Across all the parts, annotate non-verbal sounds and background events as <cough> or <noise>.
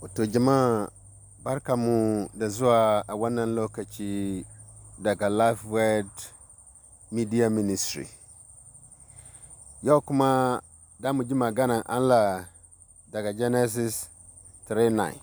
Wato jama'a mu da zuwa a wannan lokaci daga Life world Media Ministry. Yau kuma da mu ji maganan Allah daga Genesis 3:9.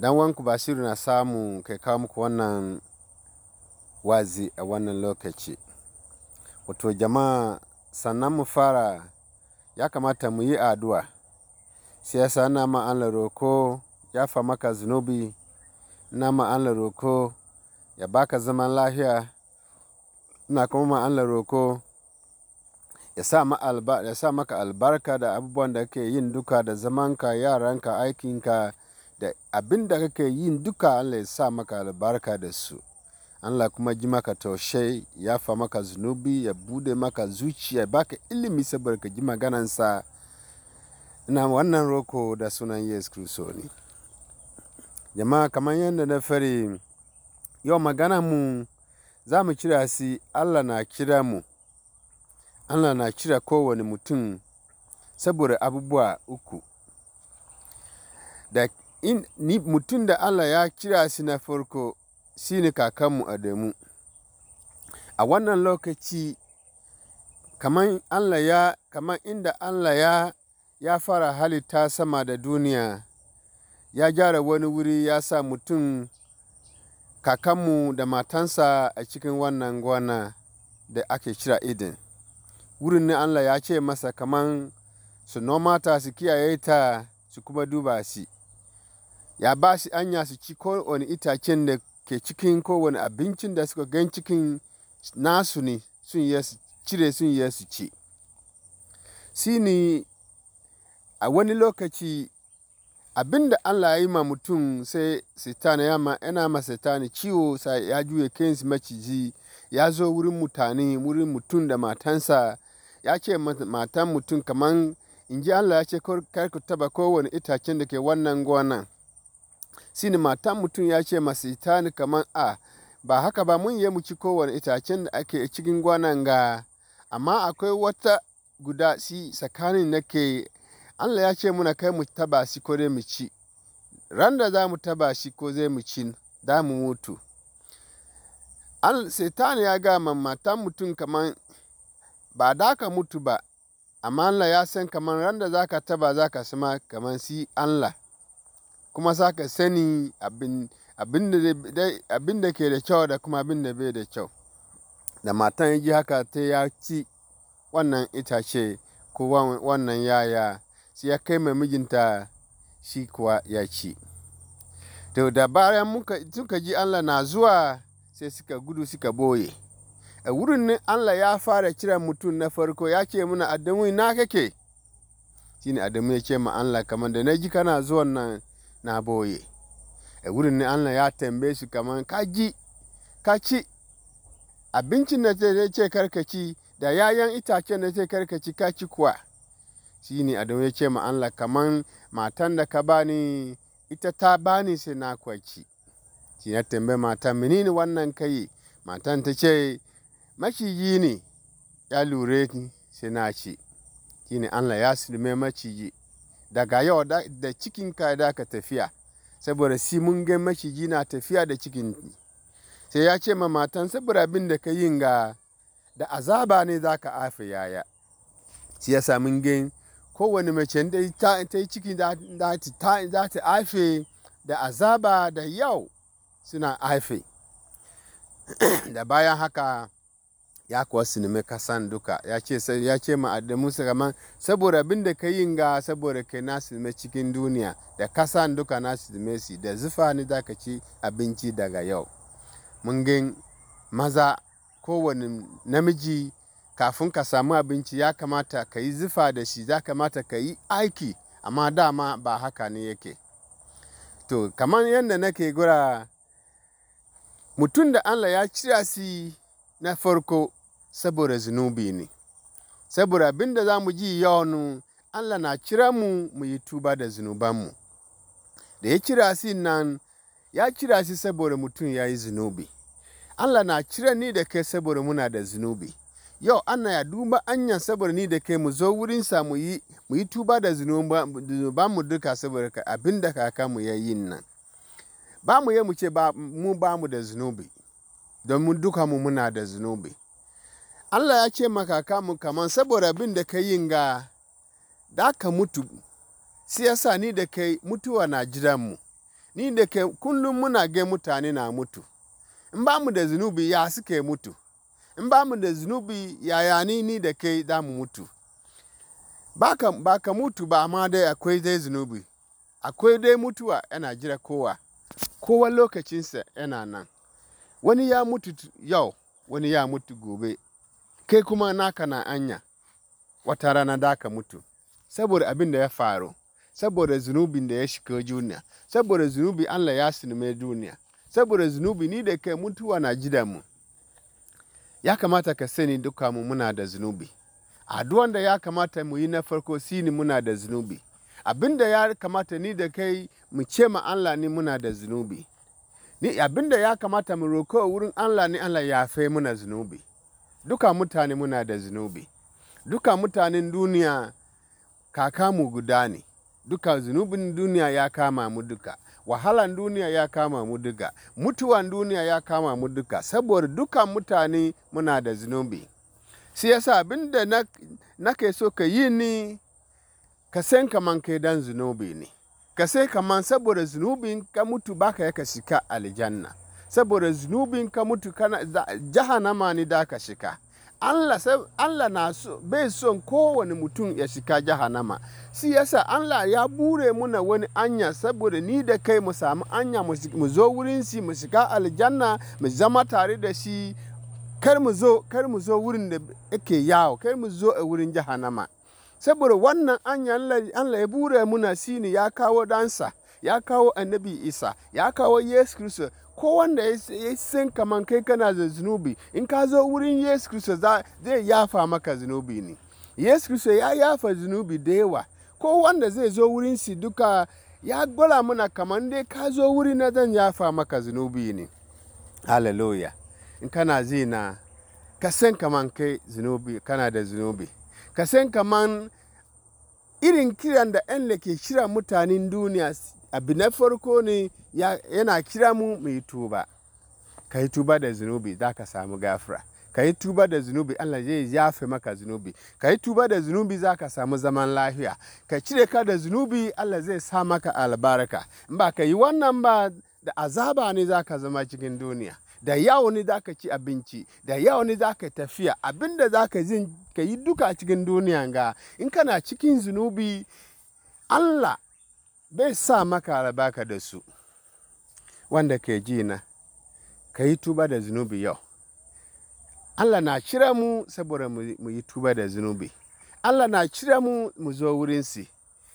Dan wanku Basiru na samu kai kawo muku wannan wazi a wannan lokaci. Wato jama'a sannan mu fara ya kamata mu yi addu'a. siyasa ma an laroko ya fa maka zunubi ma an laroko ya baka zaman lahiya na kuma an laroko ya sa maka albarka da abubuwan da kake yin duka da zamanka yaranka aikinka da abin da kake yin duka allah ya sa maka albarka da su allah kuma ji maka taushe ya fa maka zunubi ya bude maka zuciya ya baka ilimi saboda ka ji sa ina wannan roko da sunan yesu kristo ne jama'a kamar yadda na fari yau magana mu za mu kira si allah na kira mu allah na kira kowane mutum saboda abubuwa uku da mutum da allah ya kira si na farko shi ne kakanmu d'emu. a wannan lokaci kamar allah ya kamar inda allah ya ya fara halitta sama da duniya ya gyara wani wuri ya sa mutum kakanmu da matansa a cikin wannan gona da ake kira idin Wurin ne Allah ya ce masa kamar su noma su kiyaye ta su kuma duba shi. Ya ba shi anya su ci kowane itacen da ke cikin kowane abincin da suka gan cikin nasu ne sun yi cire sun yi su ci. A wani lokaci, abinda Allah ya yi ma mutum sai ma yana ma Satan ciwo sai ya juya kansa maciji, ya zo wurin mutane, wurin mutum da matansa, ya ce matan mutum kaman in ji Allah ya ce kar ku taba kowane itacen da ke wannan gonan. Sini matan mutum ya ce ma Satan kaman a ba haka ba mun yi mu ci kowane itacen da ake cikin gonan ga, amma akwai wata guda si tsakanin nake Allah ya ce muna kai mu taba shi ko dai mu ci ran da za mu taba shi ko zai mu ci da mu mutu Satan ya ga matan mutum kaman ba da ka mutu ba amma Allah ya san kaman ran da za ka taba zaka ka sama kaman si Allah kuma za ka sani abin da ke da kyau da kuma abin da bai da kyau da matan ya haka ta ya ci wannan itace ko wannan yaya sai ya kai mai mijinta shi kuwa ya ci to da bayan muka suka ji allah na zuwa sai suka gudu suka boye a wurin ne allah ya fara cire mutum na farko ya ce muna adamu na kake ne adamu ya ce ma allah kamar da na ji kana zuwan nan na boye a wurin ne allah ya tambaye su kamar ka ji ka ci abincin da ce karkaci da yayan itacen da ce karkaci ka ci kuwa shi ne Adamu ya ce ma Allah kaman matan da ka bani ita ta bani sai na kwaci shi na tambe matan menene wannan kai matan ta ce maciji ne ya lure ni sai na ce shi ne Allah ya sulme maciji daga yau da cikinka da ka tafiya saboda si mun ga maciji na tafiya da cikin sai ya ce ma matan saboda abin da ka yin ga da azaba ne za ka yaya shi ya samun gain kowane mace da ta yi ciki za ta haife da azaba da yau suna haife <clears throat> da bayan haka ya kuwa sinimai kasan duka ya ce ya ce ma Adamu gama saboda abin da ka yi ga saboda kai na sinimai cikin duniya da kasan duka na sinimai si da zufa ni za ka ci abinci daga yau mun maza kowane namiji kafin ka samu abinci ya kamata ka yi zufa da shi ya kamata ka yi aiki amma dama ba haka ne yake to kamar yadda nake gura mutum da allah ya cira si na farko saboda zunubi ne saboda abin da za mu ji yawonu allah na cira mu mu yi tuba da zunubanmu da ya cira si nan ya cira si saboda mutum ya yi zunubi allah na cira ni da kai saboda muna da zunubi Yau ana ya duba anyan saboda ni da kai mu zo sa mu yi mu yi tuba da mu duka saboda abin da mu ya yi nan. Ba mu yi mu ce mu ba mu da don domin duka mu muna da zinubi Allah ya ce kaka mu kaman saboda abin da ka yin ga da ka mutu, sai ya sa ni da kai mutuwa na mu ni da kai kullum muna ga mutane na mutu, in ba mu da zunubi ya suke mutu. in ba mu da zunubi yaya ni ni da kai za mu mutu ba ka mutu ba amma dai akwai dai zunubi akwai dai mutuwa yana jira kowa kowa lokacinsa yana nan wani ya mutu yau wani ya mutu gobe kai kuma naka na anya wata rana da ka mutu saboda abin da ya faru saboda zunubin da ya shiga duniya saboda zunubi allah ya sinime duniya saboda zunubi ni da kai mutuwa na jidanmu mu ya kamata ka sani duka mu muna da zunubi addu'an da ya kamata mu yi na farko sini muna da zunubi abin da ya kamata ni da kai mu ce ma Allah ni muna da zunubi ni abin da ya kamata mu roko wurin Allah ni Allah ya fe muna zunubi duka mutane muna da zunubi duka mutanen duniya kaka mu guda ne duka zunubin duniya ya kama mu duka wahalan duniya ya kama mu duka mutuwan duniya ya kama mu duka saboda dukan mutane muna da zunubi shi yasa abin da nake so ka yi ni ka san kaman kai dan zunubi ne ka sai kaman saboda zunubin ka mutu baka ya ka shika aljanna saboda zunubin ka mutu kana jahannama ne da ka shika Allah, Allah na so bai son kowane mutum ya shiga jahanama si yasa Allah ya bure muna wani anya saboda ni da kai mu samu anya mu zo wurin shi mu shiga aljanna mu zama tare da shi kar mu zo kar mu zo wurin da yake yawo kar mu zo a wurin jahanama saboda wannan anya Allah ya bure muna ne ya kawo dansa ya kawo annabi isa ya kawo yesu kristo ko wanda ya san kaman kai kana da zunubi in ka zo wurin yesu kristo zai yafa maka zunubi ne yesu kristo ya yafa zunubi da yawa ko wanda zai zo wurin si duka ya gwala muna kaman dai ka zo wuri na zan yafa maka zunubi ne hallelujah in kana zina ka san kaman kai zunubi kana da zunubi ka san kaman irin kiran da 'yan da ke kira mutanen duniya abu na farko ne yana kira mu mu yi tuba ka yi tuba da zunubi za ka samu gafira ka yi tuba da zunubi allah zai yafe maka zunubi ka yi tuba da zunubi za ka samu zaman lafiya ka cire ka da zunubi allah zai sa maka albarka ba ka yi wannan ba da azaba ne za ka zama cikin duniya da yawo ne za ka ci abinci da yawo ne za ka tafiya da za ka yi duka cikin duniya ga in kana cikin zunubi allah bai sa maka albaka da su wanda ke ji na ka yi tuba da zunubi yau allah na cire mu saboda mu yi tuba da zunubi allah na cire mu mu zo wurinsi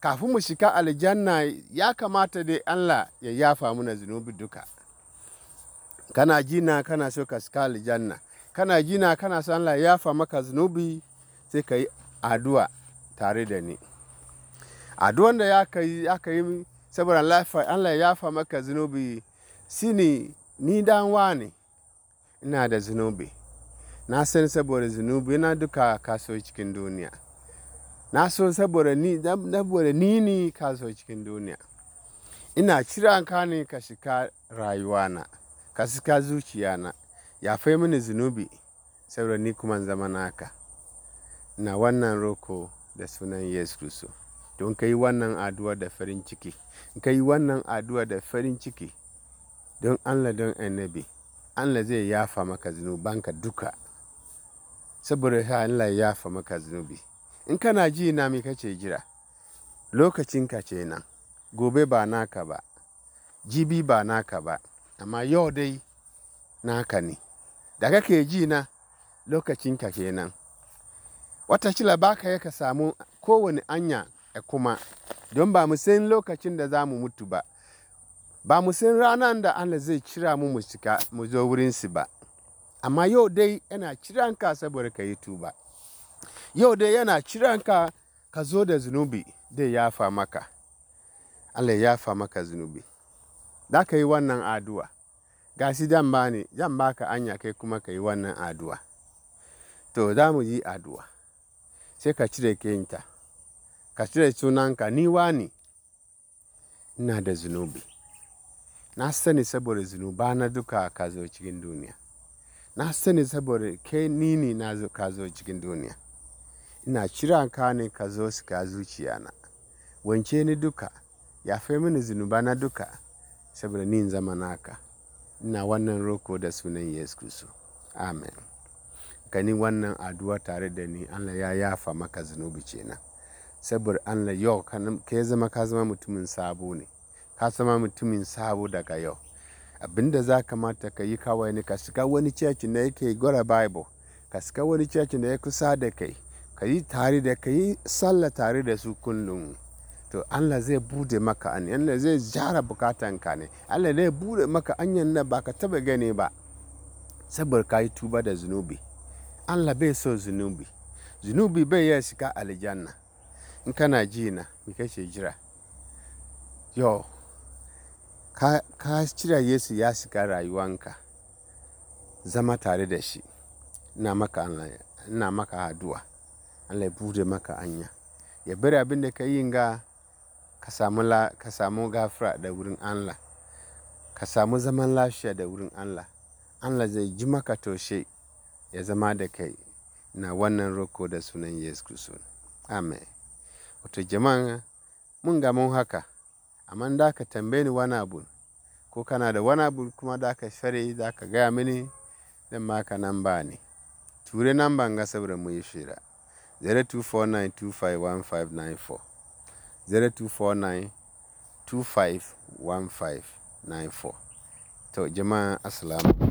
kafin mu shiga aljanna ya kamata dai allah ya yafa mu na zunubi duka kana jina kana so ka shiga aljanna kana jina kana so allah ya yafa maka zunubi sai ka yi addu'a tare da ni addu'an da aka yi aka yi saboda an Allah ya fa maka zunubi ne ni dan ne, ina da zunubi na san saboda zunubi na duka kaso cikin duniya na so saboda ni saboda ni ne kaso cikin duniya ina an ka ne ka shiga rayuwana ka zuciya zuciyana ya fai mini zunubi saboda ni kuma zama naka na wannan roko da sunan yesu kristo Don ka yi wannan addu'a da farin ciki. ka yi wannan addu'a da farin ciki, don Allah don annabi, Allah zai yafa maka zunubanka duka. Saboda ha Allah yafa maka zunubi. In kana ji na me kace jira? Lokacinka ce nan. Gobe ba naka ba. Jibi ba naka ba. Amma yau dai naka ne. Da kake ji na lokacinka ke nan. shila ba ka yi ka samu kowane anya Eh, kuma don ba mu san lokacin da za mu mutu ba ba mu san ranar da allah zai cira mu mu cika mu zo wurinsu ba amma yau dai yana ciranka saboda ka yi tuba yau dai yana ciranka ka zo da zunubi dai yafa maka allah yafa maka zunubi za ka yi wannan addu'a ga shi dan ba ne zan baka anya kai kuma ka yi wannan addu'a to za mu yi addu'a sai ka cire kinta. ka cire sunanka ni wani ina da zunubi na sani saboda zunuba na duka ka zo cikin duniya na sani saboda ke nini na zo ka zo cikin duniya ina cira ka ne ka zo su ka zuciya na wance ni duka ya mini zunuba na duka saboda ni zama naka ina wannan roko da sunan yesu kristo amen gani wannan aduwa tare da ni allah ya yafa maka zunubi kenan saboda allah yau ka zama ka zama mutumin sabo ne ka zama mutumin sabo daga yau abinda za kamata ka yi kawai ne ka shiga wani cecin da yake gwara bible ka shiga wani cecin da ya kusa da kai ka yi tare da ka yi sallah tare da su kullum to allah zai bude maka an allah zai jara bukatan ka ne allah zai bude maka anyan nan ba ka taba gani ba saboda ka yi tuba da zunubi allah bai so zunubi zunubi bai ya shiga aljanna in kana ji na me kake jira yau ka, ka yesu ya shiga rayuwanka zama tare da shi ina maka ina maka haduwa allah ya bude maka anya ya bari abin da ka yi ga ka samu ka samu gafara da wurin allah ka samu zaman lafiya da wurin allah allah zai ji maka toshe ya zama da kai na wannan roko da sunan yesu kristo amen Wato jama'an mun ga mun haka, amma da ka tambaye ni wani abu ko kana da wani abu kuma da ka share da ka gaya mini zan maka namba ne. Ture namban ga saboda muyi shira 0249251594 0249251594. To jama'a assalamu.